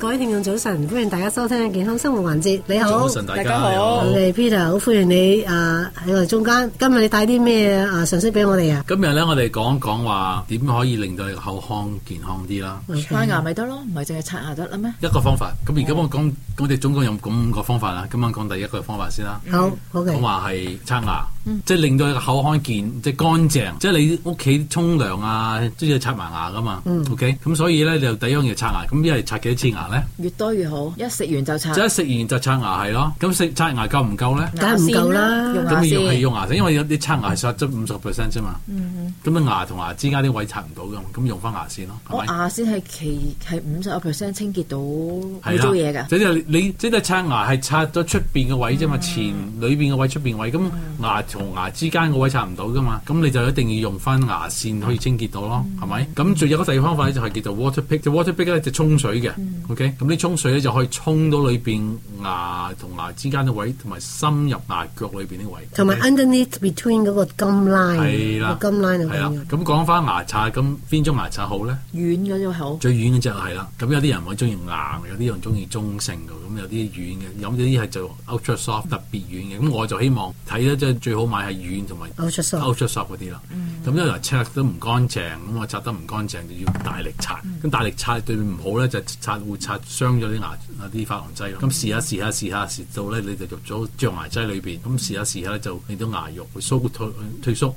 各位聽眾早晨，歡迎大家收聽健康生活環節。你好，早晨大，大家好。我哋 Peter 好歡迎你啊，喺、呃、我哋中間。今日你帶啲咩啊信息俾我哋啊？今日咧，我哋講講話點可以令到你口腔健康啲啦、嗯？刷牙咪得咯，唔係淨係刷牙得啦咩？一個方法。咁而家我講、哦，我哋總共有咁五個方法啊。今晚講第一個方法先啦、嗯。好，okay，我哋講話係刷牙。即係令到個口腔健，即係乾淨。即係你屋企沖涼啊，都要刷埋牙噶嘛。O K，咁所以咧，你就第一樣要刷牙。咁一係刷幾多次牙咧？越多越好，一食完就刷。即一食完就刷牙，係咯。咁食刷牙夠唔夠咧？梗係唔夠啦。咁用係用牙線，因為有啲刷牙刷得五十 percent 啫嘛。咁啊、嗯、牙同牙之間啲位刷唔到噶，咁用翻牙線咯。哦、是牙線係其係五十個 percent 清潔到冇做嘢噶。即你，你即係刷牙係刷咗出邊嘅位啫嘛、嗯，前裏邊嘅位、出邊位咁牙。牙之間個位置刷唔到噶嘛，咁你就一定要用翻牙線可以清潔到咯，係、嗯、咪？咁仲有一個第二個方法咧就係叫做 water, water pick，就 water pick 咧就沖水嘅、嗯、OK？咁啲沖水咧就可以沖到裏邊牙同牙之間嘅位，同埋深入牙腳裏邊啲位。同埋 underneath between 嗰個 gum line，個 gum line 啊。係啦，咁講翻牙刷，咁邊種牙刷好咧？軟嗰種好。最軟嘅啫、就是，係啦。咁有啲人會中意硬，有啲人中意中性嘅，咁有啲軟嘅，有啲係做 ultra soft、嗯、特別軟嘅。咁我就希望睇咧即係最好。好，買係軟同埋 Ultra Soft 嗰啲啦，咁、嗯、因為刷都唔乾淨，咁啊刷得唔乾淨就要大力刷，咁、嗯、大力刷對唔好咧，就是、刷會刷傷咗啲牙啲啲琺瑯質。咁、嗯、試一下試一下試下蝕到咧，你就入咗象牙質裏面。咁試一下試一下咧，就令到牙肉會收縮退縮，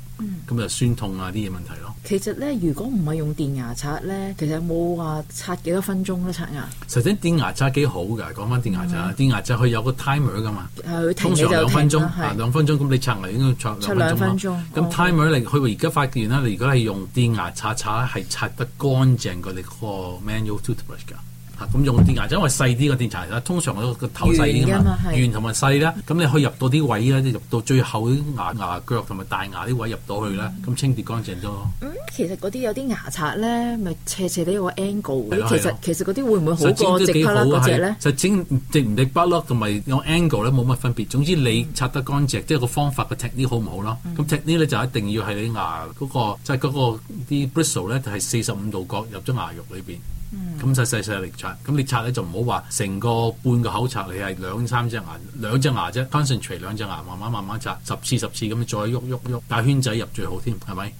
咁就酸痛啊啲嘢問題咯。其實咧，如果唔係用電牙刷咧，其實冇話刷幾多分鐘咧，刷牙。首先電牙刷幾好㗎，講翻電牙刷，電牙刷佢有個 timer 㗎嘛。佢通常係兩分鐘，啊、兩分鐘咁你刷牙應該刷兩分鐘。刷兩分鐘。咁 timer 你、okay，佢而家發現咧，你如果係用電牙刷刷，係刷得乾淨過你個 manual toothbrush 㗎。咁、嗯、用啲牙刷，因為細啲個電牙刷，通常佢個頭細啲嘛，是圓同埋細啦。咁你可以入到啲位咧，入到最後啲牙牙腳同埋大牙啲位入到去咧，咁、嗯、清潔乾淨多。嗯，其實嗰啲有啲牙刷咧，咪斜斜哋有個 angle 嘅，其實其實嗰啲會唔會好過直確啦？嗰隻咧，就踐直唔直筆咯，同埋用 angle 咧冇乜分別。總之你刷得乾淨，即係個方法個 technique 好唔好咯？咁 technique 咧就一定要係你牙嗰個即係嗰個啲 bristle 咧就係四十五度角入咗牙肉裏邊。咁細細細力刷，咁你刷咧就唔好話成個半個口刷，你係兩三隻牙，兩隻牙啫，單純除兩隻牙，慢慢慢慢刷十次十次咁，再喐喐喐打圈仔入最好添，係咪？咁、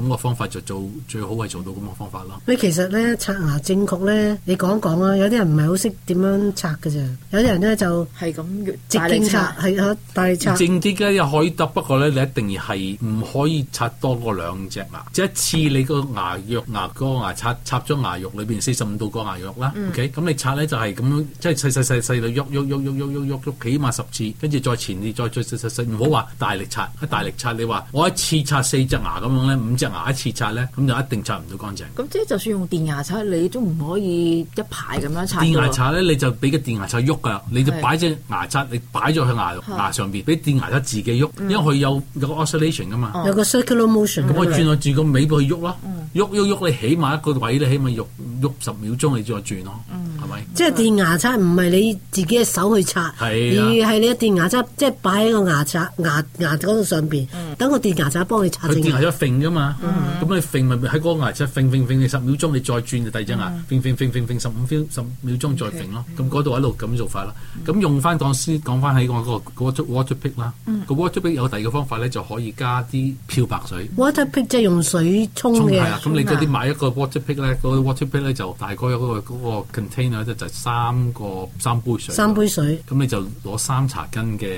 嗯、個方法就做最好係做到咁個方法咯。喂，其實咧刷牙正確咧，你講講啊，有啲人唔係好識點樣刷嘅啫，有啲人咧就係咁直徑刷，係啊帶刷正啲嘅。又可以得，不過咧你一定係唔可以刷多過兩隻牙，即一次你牙牙、嗰個牙肉牙嗰個牙刷刷咗牙肉裏邊浸到個牙肉啦、嗯、OK？咁你刷咧就係咁樣，即係細細細細度喐喐喐喐喐喐喐喐喐，起碼十次，跟住再前，再再細細細，唔好話大力刷，喺大力刷，嗯、你話我一次刷四隻牙咁樣咧，五隻牙一次刷咧，咁就一定刷唔到乾淨。咁即係就算用電牙刷，你都唔可以一排咁樣刷。電牙刷咧，你就俾個電牙刷喐噶，你就擺隻牙刷，你擺咗去牙牙上邊，俾電牙刷自己喐、嗯，因為佢有有個 oscillation 㗎嘛，有個 circular motion、嗯。咁我轉落轉個尾部去喐咯。喐喐喐，你起碼一個位，你起碼喐喐十秒鐘，你再轉咯。嗯即、就、係、是電，啊、電牙刷，唔係你自己嘅手去刷，而係你嘅電牙刷，刷牙，即係擺喺個牙刷牙牙嗰度上邊，等個電牙刷幫佢刷。佢電牙刷揈噶嘛，咁你揈咪喺個牙刷揈揈揈，你十秒鐘你再轉就第二隻牙擺擺擺擺擺擺，揈揈揈揈揈十五秒十秒鐘再揈咯，咁嗰度一路咁做法啦。咁用翻講先，講翻喺我個 water pick 啦，個 water pick 有第二個方法咧，就是、可以加啲漂白水。water pick 即係用水沖嘅，咁、啊、你嗰啲買一個 water pick 咧，嗰個 water pick 咧就大概有個嗰個 container。就是、三個三杯水，三杯水，咁你就攞三茶羹嘅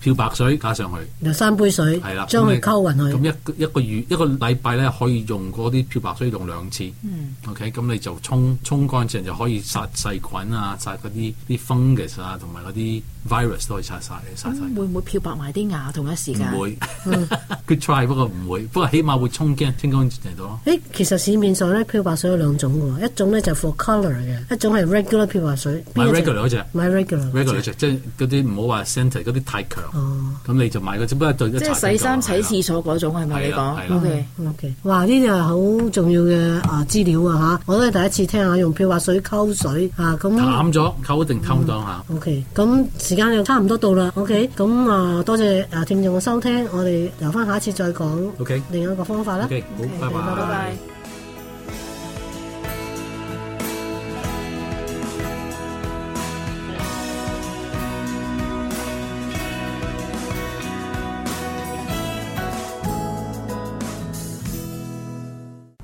漂白水加上去，又三杯水，係啦，將佢溝勻去。咁一一個月一個禮拜咧，可以用嗰啲漂白水用兩次。嗯，OK，咁你就沖沖乾淨就可以殺細菌啊，殺嗰啲啲 fungus 啊，同埋嗰啲。virus 都可以殺曬嘅，殺曬、嗯。會唔會漂白埋啲牙同一時間？唔會、嗯、 ，Good try 不過唔會，不過起碼會衝驚清乾嚟到。誒、欸，其實市面上咧漂白水有兩種嘅，一種咧就是、for color 嘅，一種係 regular 漂白水。買 regular 嗰隻。買 regular, regular, regular。regular 即係嗰啲唔好話 scented 嗰啲太強。哦。咁你就買個只不過對即係洗衫、洗廁所嗰種係咪你講？O K O K，哇！呢啲係好重要嘅、嗯、啊資料啊嚇，我都係第一次聽下用漂白水溝水嚇咁。淡咗溝定溝當下。O K，咁。嗯啊嗯 okay, 時間又差唔多到啦，OK，咁啊多謝啊聽眾嘅收聽，我哋留翻下一次再講，OK，另外一個方法啦，OK，好，OK，拜拜，拜拜，多謝。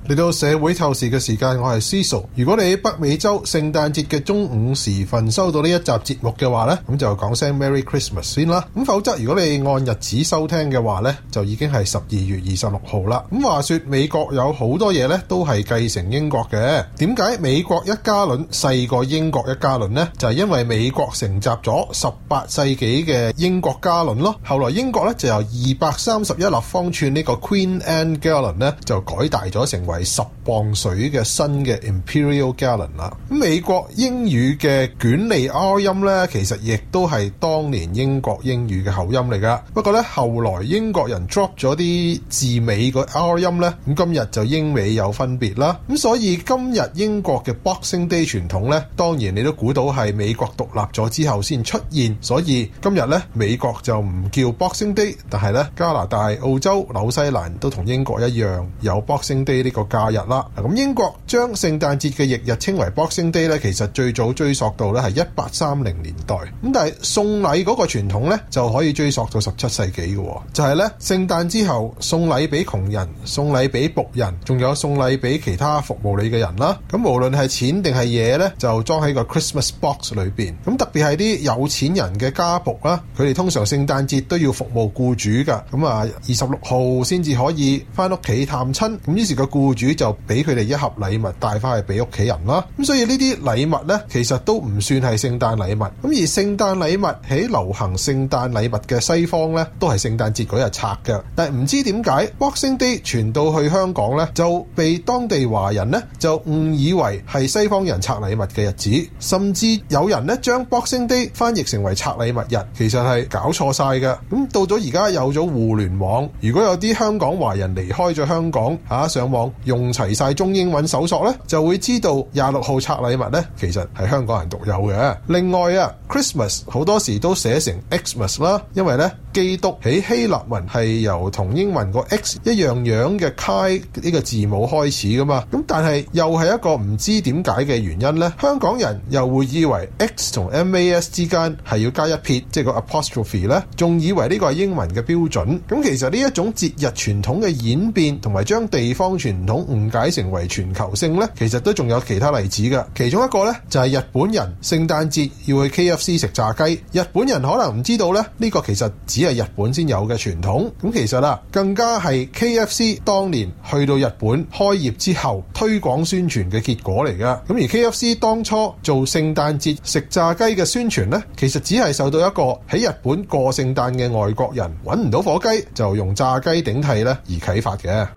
嚟到社會透視嘅時間，我係 Cecil。如果你喺北美洲聖誕節嘅中午時分收到呢一集節目嘅話呢咁就講聲 Merry Christmas 先啦。咁否則，如果你按日子收聽嘅話呢就已經係十二月二十六號啦。咁話說美國有好多嘢呢都係繼承英國嘅。點解美國一加侖細過英國一加侖呢？就係、是、因為美國承襲咗十八世紀嘅英國加侖咯。後來英國呢就由二百三十一立方吋呢個 Queen Anne 加侖呢就改大咗成為。係十磅水嘅新嘅 Imperial gallon 啦。美國英語嘅捲脷 R 音咧，其實亦都係當年英國英語嘅口音嚟噶。不過咧，後來英國人 drop 咗啲字尾個 R 音咧，咁今日就英美有分別啦。咁所以今日英國嘅 Boxing Day 傳統咧，當然你都估到係美國獨立咗之後先出現。所以今日咧，美國就唔叫 Boxing Day，但係咧，加拿大、澳洲、紐西蘭都同英國一樣有 Boxing Day 呢、這個假日啦，咁英國將聖誕節嘅翌日稱為 Boxing Day 咧，其實最早追溯到咧係一八三零年代。咁但係送禮嗰個傳統咧就可以追溯到十七世紀嘅，就係咧聖誕之後送禮俾窮人、送禮俾僕人，仲有送禮俾其他服務你嘅人啦。咁無論係錢定係嘢咧，就裝喺個 Christmas box 裏面。咁特別係啲有錢人嘅家僕啦，佢哋通常聖誕節都要服務僱主噶。咁啊，二十六號先至可以返屋企探親。咁於是個僱主就俾佢哋一盒禮物帶翻去俾屋企人啦，咁所以呢啲禮物呢，其實都唔算係聖誕禮物。咁而聖誕禮物喺流行聖誕禮物嘅西方呢，都係聖誕節嗰日拆嘅。但係唔知點解 Boxing Day 傳到去香港呢，就被當地華人呢，就誤以為係西方人拆禮物嘅日子，甚至有人呢將 Boxing Day 翻譯成為拆禮物日，其實係搞錯晒嘅。咁到咗而家有咗互聯網，如果有啲香港華人離開咗香港嚇、啊、上網。用齊晒中英文搜索呢，就會知道廿六號拆禮物呢，其實係香港人獨有嘅。另外啊，Christmas 好多時都寫成 Xmas 啦，因為呢基督喺希臘文係由同英文個 X 一樣樣嘅 Kai 呢個字母開始㗎嘛。咁但係又係一個唔知點解嘅原因呢，香港人又會以為 X 同 MAS 之間係要加一撇，即係個 apostrophe 呢，仲以為呢個係英文嘅標準。咁其實呢一種節日傳統嘅演變，同埋將地方傳統。誤解成為全球性呢，其實都仲有其他例子噶。其中一個呢，就係日本人聖誕節要去 K F C 食炸雞。日本人可能唔知道呢，呢個其實只係日本先有嘅傳統。咁其實啊，更加係 K F C 當年去到日本開業之後推廣宣傳嘅結果嚟噶。咁而 K F C 當初做聖誕節食炸雞嘅宣傳呢，其實只係受到一個喺日本過聖誕嘅外國人揾唔到火雞，就用炸雞頂替呢而啟發嘅。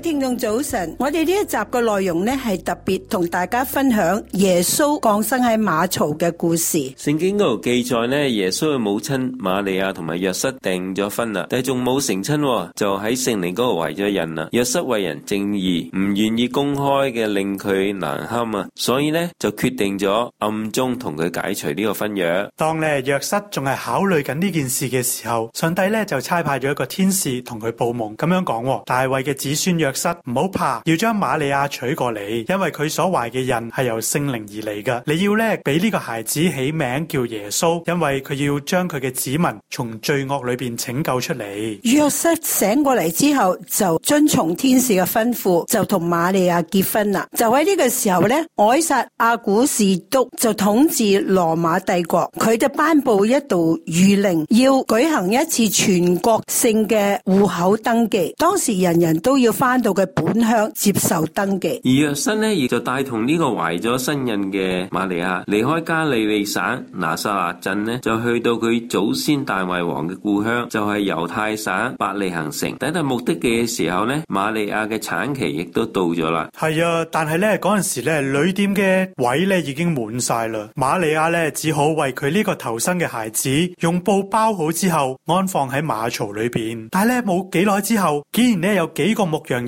聽眾早晨，我哋呢一集嘅內容咧係特別同大家分享耶穌降生喺馬槽嘅故事。聖經嗰度記載咧，耶穌嘅母親瑪利亞同埋約瑟訂咗婚啦，但係仲冇成親，就喺聖靈嗰度懷咗孕啦。約瑟為人正義，唔願意公開嘅令佢難堪啊，所以咧就決定咗暗中同佢解除呢個婚約。當你係約瑟仲係考慮緊呢件事嘅時候，上帝咧就差派咗一個天使同佢報夢，咁樣講：大衛嘅子孫約約瑟唔好怕，要將瑪利亞娶過嚟，因為佢所懷嘅孕係由聖靈而嚟嘅。你要咧，俾呢個孩子起名叫耶穌，因為佢要將佢嘅子民從罪惡裏邊拯救出嚟。約瑟醒過嚟之後，就遵從天使嘅吩咐，就同瑪利亞結婚啦。就喺呢個時候咧，凱撒阿古士督就統治羅馬帝國，佢就頒布一道諭令，要舉行一次全國性嘅戶口登記。當時人人都要返。到嘅本鄉接受登記，而約瑟咧亦就帶同呢個懷咗身孕嘅瑪利亞離開加利利省拿撒勒鎮咧，就去到佢祖先大衛王嘅故鄉，就係猶太省伯利恆城。等到目的地嘅時候咧，瑪利亞嘅產期亦都到咗啦。係啊，但係咧，嗰陣時咧，旅店嘅位咧已經滿晒啦。瑪利亞咧只好為佢呢個投生嘅孩子用布包好之後，安放喺馬槽裏邊。但係咧，冇幾耐之後，竟然咧有幾個牧羊。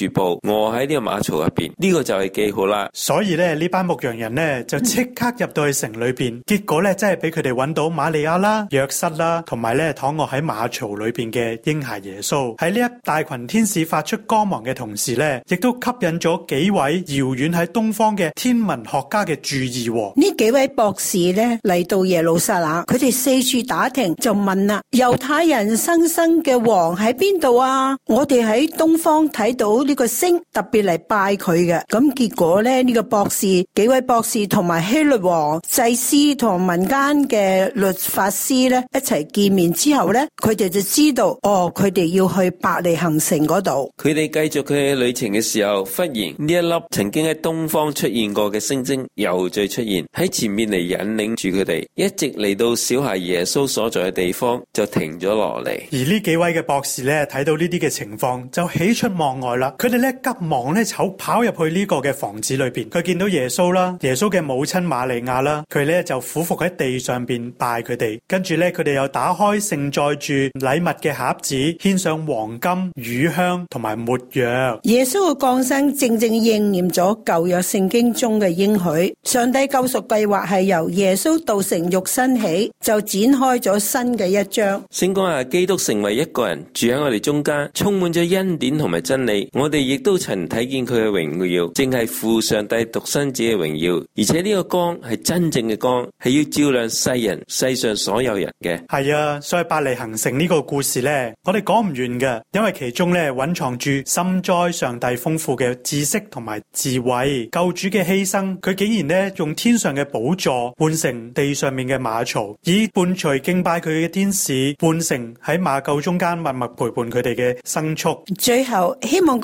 住布，臥喺呢個馬槽入邊，呢個就係幾好啦。所以咧，呢班牧羊人呢，就即刻入到去城裏邊，嗯，結果咧真係俾佢哋揾到瑪利亞啦，約瑟啦，同埋咧躺臥喺馬槽裏邊嘅嬰孩耶穌。喺呢一大群天使發出光芒嘅同時咧，亦都吸引咗幾位遙遠喺東方嘅天文學家嘅注意。呢幾位博士咧嚟到耶路撒冷，佢哋四處打聽，就問啦：猶太人新生嘅王喺邊度啊？我哋喺東方睇到。呢個星特別嚟拜佢嘅，咁結果咧呢個博士幾位博士同埋希律王祭司同民間嘅律法師咧一齊見面之後咧，佢哋就知道哦，佢哋要去伯利恆城嗰度。佢哋繼續佢旅程嘅時候，忽然呢一粒曾經喺東方出現過嘅星星又再出現喺前面嚟引領住佢哋，一直嚟到小孩耶穌所在嘅地方就停咗落嚟。而呢幾位嘅博士咧睇到呢啲嘅情況，就喜出望外啦。佢哋咧急忙咧跑跑入去呢個嘅房子裏邊，佢見到耶穌啦，耶穌嘅母親瑪利亞啦，佢咧就俯伏喺地上邊拜佢哋，跟住咧佢哋又打開盛載住禮物嘅盒子，獻上黃金、乳香同埋沒藥。耶穌嘅降生正正應驗咗舊約聖經中嘅應許，上帝救贖計劃係由耶穌道成肉身起就展開咗新嘅一章。先講、啊、基督成為一個人住喺我哋中間，充滿咗恩典同埋真理。我哋亦都曾睇見佢嘅榮耀，正係父上帝獨生子嘅榮耀，而且呢個光係真正嘅光，係要照亮世人、世上所有人嘅。係啊，所以伯利恆城呢個故事咧，我哋講唔完嘅，因為其中咧蘊藏住深哉上帝豐富嘅知識同埋智慧，救主嘅犧牲，佢竟然咧用天上嘅寶座換成地上面嘅馬槽，以伴隨敬拜佢嘅天使換成喺馬廄中間默默陪伴佢哋嘅牲畜。最後希望